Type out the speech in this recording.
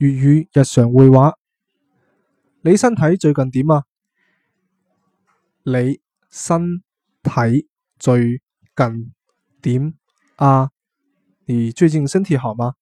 粵語日常會話。你身體最近點啊？你身體最近點啊？你最近身體好嗎？